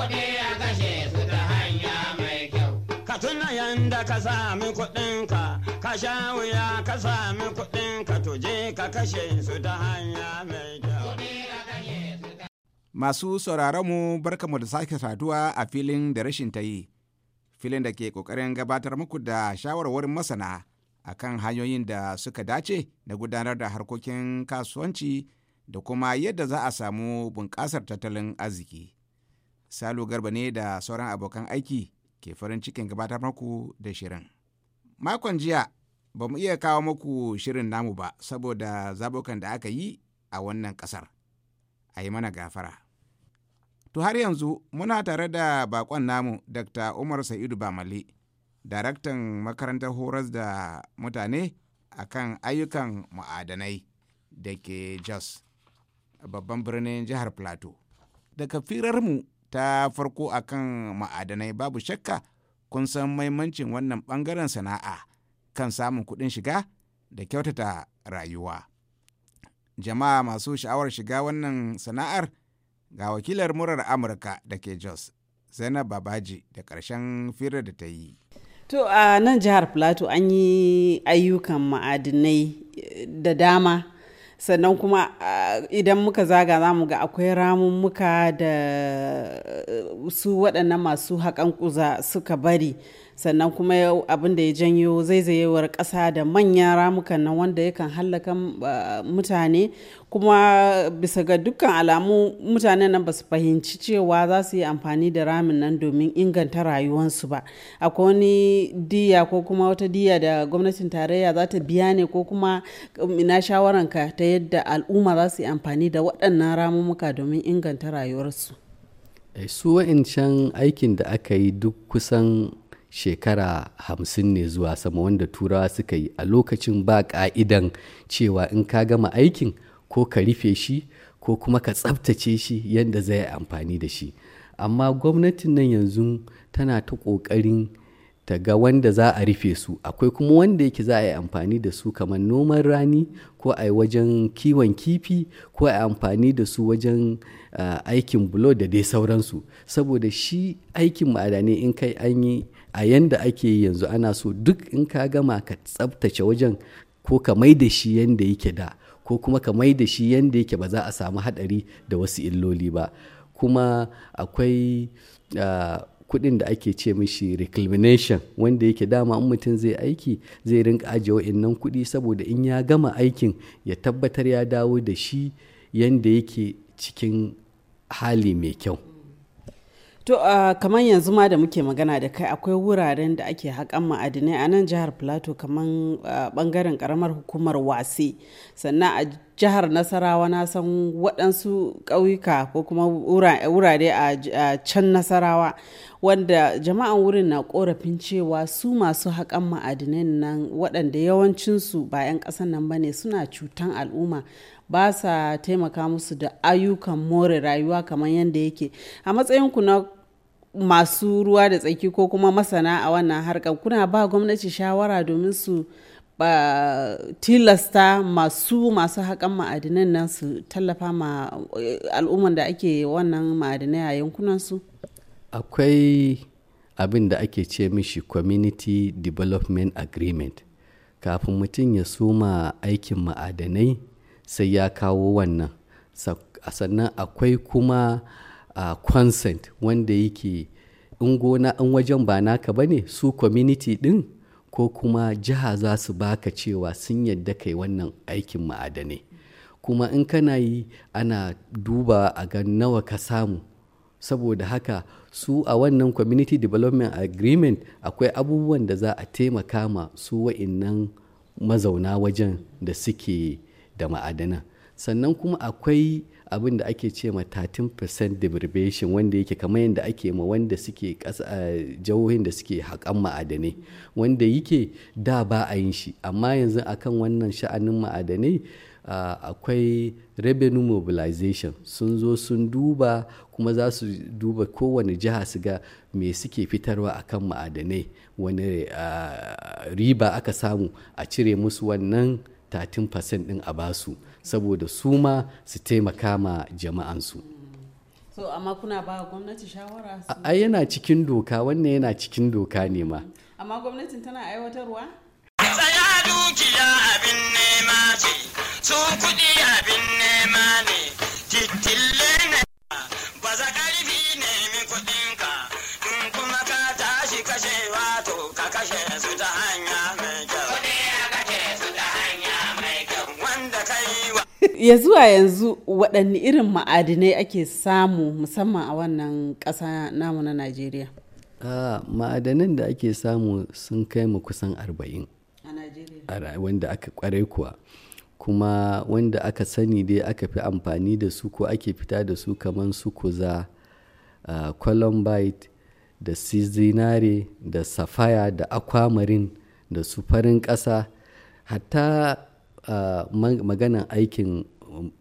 kuɗi a kashe su ta hanya mai kyau. Ka tuna yanda ka sami kuɗinka, ka sha wuya ka sami kuɗinka tuje ka kashe su ta hanya mai kyau. Masu sauraronmu barkamu da sake saduwa a filin da rashin ta yi, filin da ke ƙoƙarin gabatar muku da shawarwarin masana a kan hanyoyin da suka dace na gudanar da harkokin kasuwanci da kuma yadda za a samu bunƙasar tattalin arziki. Salo Garba ne da sauran abokan aiki ke farin cikin gabatar maku da shirin. Makon jiya ba mu iya kawo muku shirin namu ba saboda zabukan da aka yi a wannan kasar A yi mana gafara. To har yanzu muna tare da bakon namu Dr. Umar Sa'idu bamali daraktan makarantar horas da mutane a kan ayyukan ma'adanai da ke Jos, babban birnin jihar Plateau. Daga firarmu ta farko a kan ma'adanai babu shakka kun san mahimmancin wannan bangaren sana'a kan samun kuɗin shiga da kyautata rayuwa. Jama'a masu sha'awar shiga wannan sana'ar ga wakilar murar Amurka da ke Jos, Zainab Babaji da ƙarshen firar da ta yi. To a nan jihar Plateau an yi ayyukan ma'adinai eh, da dama. sannan kuma ah, idan muka zaga za mu ga akwai ramummuka da eh, su waɗannan masu haƙan kuza suka bari sannan kuma abin da ya janyo zaizayewar ƙasa da manya ramukan nan wanda yakan hallaka ah, mutane kuma bisa ga dukkan alamu mutane nan ba su fahimci cewa za su yi amfani da ramin nan domin inganta rayuwarsu ba akwai wani diya ko kuma wata diya da gwamnatin tarayya za ta biya ne ko kuma um, ina shawaranka ta yadda al'umma za su yi amfani da waɗannan ramumuka domin inganta rayuwarsu eh, su aikin da aka yi duk kusan shekara hamsin ne zuwa sama wanda turawa suka yi a lokacin ba ka'idan cewa in ka gama aikin ko ka rufe shi ko kuma ka tsabtace shi yadda zai amfani da shi amma gwamnatin nan yanzu tana ta ƙoƙarin ta ga wanda za a rufe su akwai kuma wanda yake za a yi amfani da su kamar noman rani ko a yi wajen kiwon kifi ko a yi amfani da su wajen eh, aikin bulo da dai sauransu saboda shi aikin ma'adanai in kai an yi a yanda ake yanzu ana so duk in ka gama ka tsabtace wajen ko ka mai da shi yanda yake da ko kuma ka mai da shi yanda yake ba za a samu hadari da wasu illoli ba kuma akwai uh, da ake ce mishi reclamation wanda yake dama in mutum zai aiki zai rinka ajiye wa'annan kuɗi saboda in ya gama aikin ya tabbatar ya dawo da shi yanda yake cikin hali mai kyau To uh, kamar yanzu ma da muke magana da kai akwai wuraren da ake haƙan ma'adinai a nan jihar Plateau kamar uh, bangaren karamar hukumar wase sannan a jihar nasarawa na san waɗansu ƙauyuka ko kuma wurare a can nasarawa wanda jama'an wurin na korafin cewa su masu haƙan ma'adinai nan waɗanda yawancinsu ba 'yan ƙasan nan ba ne suna cutan al'umma ba sa taimaka musu da ayyukan more rayuwa kamar yadda yake a matsayinku na masu ruwa da tsaki ko kuma masana a wannan harkar kuna ba gwamnati shawara domin su ba tilasta masu masu haƙan ma'adinan nan su tallafa ma eh, al'umman da ake wannan ma'adinai a yankunansu? akwai abin da ake ce mishi community development agreement kafin mutum ya suma aikin ma'adanai sai ya kawo wannan sannan akwai kuma uh, consent wanda yake in gona in wajen ba naka ba ne su community din ko kuma jiha za su baka cewa sun yadda kai wannan aikin ma'adane kuma in kana yi ana duba a ga nawa ka samu saboda haka su a wannan community development agreement akwai abubuwan da za a taimaka ma su wa'innan mazauna wajen da suke da ma'adanan sannan kuma akwai abin da ake ce ma 13% deprivation wanda yake kamar yadda ake ma wanda suke jihohin da suke haƙan ma'adanai wanda yake da ba a yin shi amma yanzu akan wannan sha'anin ma'adanai akwai revenue mobilization sun zo sun duba kuma za su duba kowane jiha su ga me suke fitarwa akan ma'adanai wani riba aka samu a cire musu wannan 13% din a basu saboda su ma su taimaka ma jama'ansu so amma kuna ba gwamnati shawara a yana cikin doka wannan yana cikin doka ne ma amma gwamnatin tana aiwatarwa tsaya dukiya abin nema ce su kuɗi abin ya zuwa yanzu waɗanne irin ma'adinai ake samu musamman a wannan ƙasa namu na najeriya ma'adanan da ake samu sun kai mu kusan arba'in wanda aka kware kuwa kuma wanda aka sani dai aka fi amfani da su ko ake fita da su kamar su kuza uh, columbite da sizinare da safaya da aquamarine da su farin ƙasa hatta maganan aikin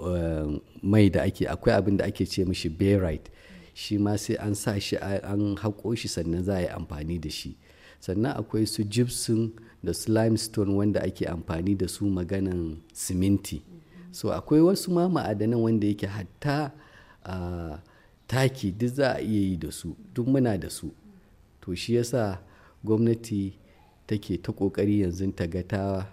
eh, mai da ake akwai abin da ake ce mishi barite shi ma sai an sa shi an haƙo shi sannan za a yi amfani da shi sannan akwai su gypsum da su limestone wanda ake amfani da su maganan siminti so akwai wasu ma ma'adanan wanda yake hatta taki duk za a iya yi da su duk muna da su to shi yasa gwamnati take ta ƙoƙari yanzu ta ga ta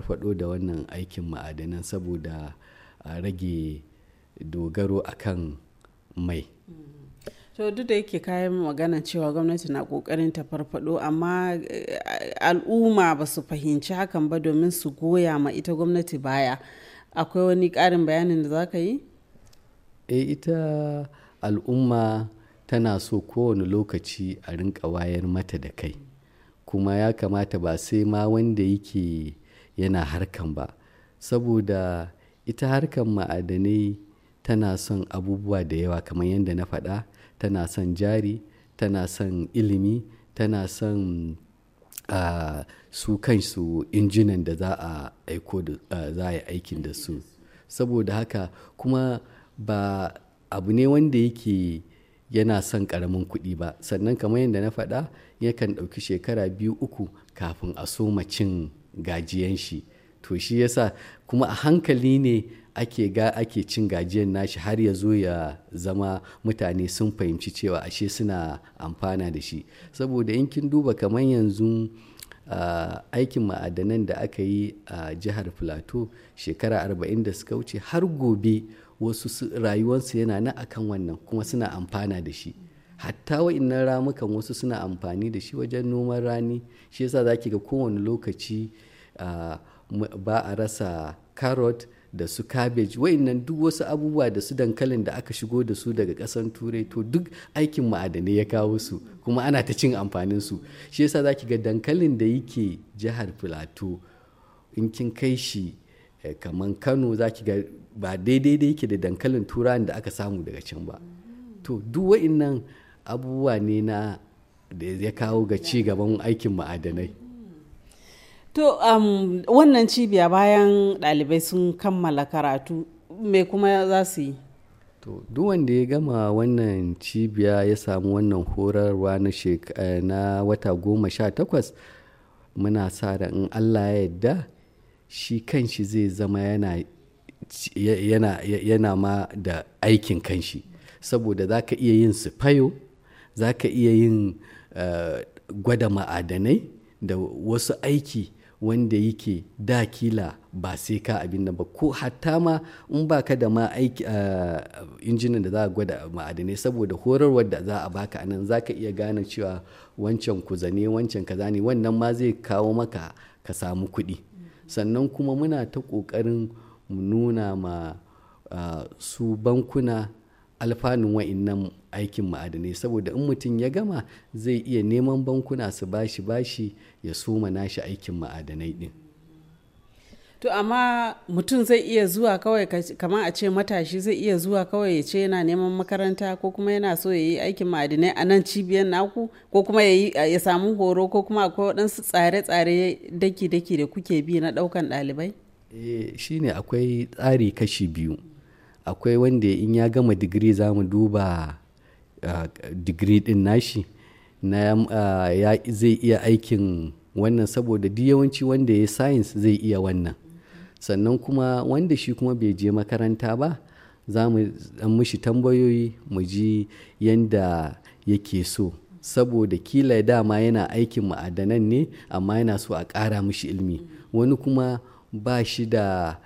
farfado da wannan aikin ma'adanan saboda a rage dogaro akan mai mm. to duk da yake kayan magana cewa gwamnati na kokarin ta farfado amma al'umma ba su fahimci hakan ba domin su goya ma ita gwamnati baya akwai wani karin bayanin da za ka yi e ita al'umma tana so kowane lokaci a rinka wayar mata da kai kuma ya kamata ba sai ma wanda yake yana harkan ba saboda ita harkan ma'adanai tana son abubuwa da yawa kamar yadda na faɗa tana son jari tana son ilimi tana son uh, su kansu injinan da za a aiko da za a yi aikin da su saboda haka kuma ba abu ne wanda yake yana son karamin kuɗi ba sannan kamar yadda na faɗa yakan ɗauki shekara biyu uku kafin a soma cin gajiyan shi to shi yasa kuma a hankali ne ake ga ake cin gajiyan nashi har ya zo ya zama mutane sun fahimci cewa ashe suna amfana da shi saboda in kin duba kamar yanzu Uh, aikin ma'adanan da aka yi a uh, jihar plateau shekara 40 da suka wuce har gobe wasu rayuwarsu yana na akan wannan kuma suna amfana da shi hatta wa'innan ramukan wasu suna amfani da shi wajen noman rani shi yasa za ki ga kowane lokaci ba a rasa carrot da su cabbage wa'innan duk wasu abubuwa da su dankalin da aka shigo da su daga kasan turai to duk aikin ma'adanai ya kawo su kuma ana ta cin amfanin su shi yasa za ki ga dankalin da yake jihar filato in kin kai shi eh, kamar kano za ki ga ba daidai da yake da dankalin turan da aka samu daga can ba to duk wa'innan abubuwa ne na da ya kawo ga ci gaban aikin ma'adanai to um, wannan cibiya bayan ɗalibai sun kammala karatu me kuma za su yi to duk wanda ya gama wannan cibiya ya samu wannan horarwa na, eh, na wata goma sha takwas muna sa da in allah ya yadda shi kanshi zai zama yana yana, ma da aikin kanshi saboda za ka iya yin sifayo za ka iya yin eh, gwada ma'adanai da wasu aiki wanda yake da kila ba sai ka abin da ba ko hatta ma in baka da ma aiki eh, injinin da za a gwada ma'adanai saboda horarwar da za a baka anan za ka iya gane cewa wancan kuzane zane wancan kaza ne wannan ma zai kawo maka ka samu kuɗi sannan kuma muna ta ƙoƙarin nuna ma eh, su bankuna alfanun wa'innan aikin ma'adanai saboda in mutum ya gama zai iya neman bankuna su bashi bashi ya suma nashi aikin ma'adanai din to amma mutum zai iya zuwa kawai kamar a ce matashi zai iya zuwa kawai ya ce yana neman makaranta ko kuma yana so ya yi aikin ma'adinai a nan cibiyar naku ko kuma ya samu horo ko kuma akwai waɗansu tsare-tsare daki-daki da kuke bi na ɗaukan ɗalibai? Eh, shi ne akwai tsari kashi biyu akwai wanda in ya gama digiri za mu duba ah, digiri din nashi na ah, ya zai iya aikin wannan saboda duk yawanci wanda ya science zai iya wannan sannan kuma wanda shi kuma bai je makaranta ba za mu dan mishi tambayoyi mu ji yanda yake so saboda kila dama yana aikin ma'adanan ne amma yana so a ƙara mishi ilmi wani kuma ba shi da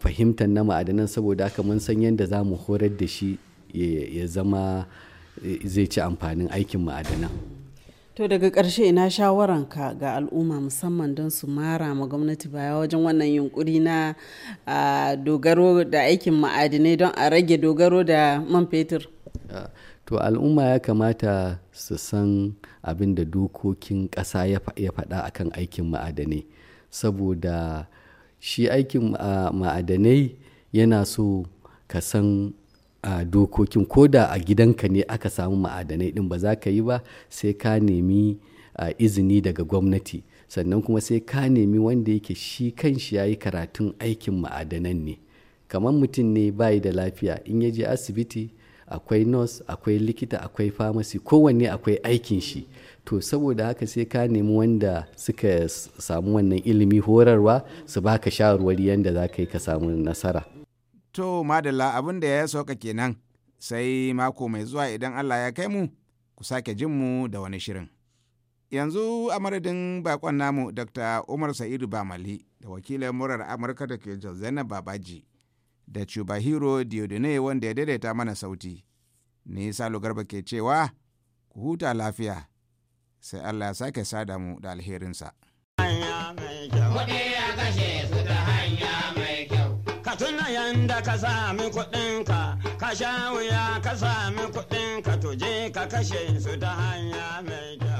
fahimtar na ma'adanan saboda haka mun san yadda za mu horar da shi ya zama zai ci amfanin aikin ma'adanan to daga ƙarshe ina shawaranka ga al'umma musamman don su mara ma gwamnati baya wajen wannan yunkuri na dogaro da aikin ma'adinai don a rage dogaro da man fetur to al'umma ya kamata su san abin da dokokin ƙasa ya faɗa akan aikin ma'adinai saboda shi aikin ma'adanai yana so ka san dokokin ko da a gidanka ne aka samu ma'adanai din ba za ka yi ba sai ka nemi izini daga gwamnati sannan kuma sai ka nemi wanda yake shi kan shi ya yi karatun aikin ma'adanan ne kamar mutum ne bayi da lafiya in ya je asibiti akwai nurse akwai likita akwai pharmacy kowanne akwai aikin shi to saboda haka sai ka nemi wanda suka samu wannan ilimi horarwa su baka shawarwari yadda za ka yi ka samu nasara to madalla abin da ya sauka kenan sai mako mai zuwa idan allah ya kai mu ku sake jin mu da wani shirin yanzu a madadin bakon namu dr umar sa'idu bamali da wakilin murar amurka da ke zainab babaji da Chubahiro Diodone wanda ya daidaita mana sauti. Ni Salo Garba ke cewa, ku huta lafiya. sai Allah ya sake sada mu da alherinsa. Ka tuna yanda ka sami kuɗinka, ka sha wuya ka sami kuɗinka tuje ka kashe su ta hanya mai kyau.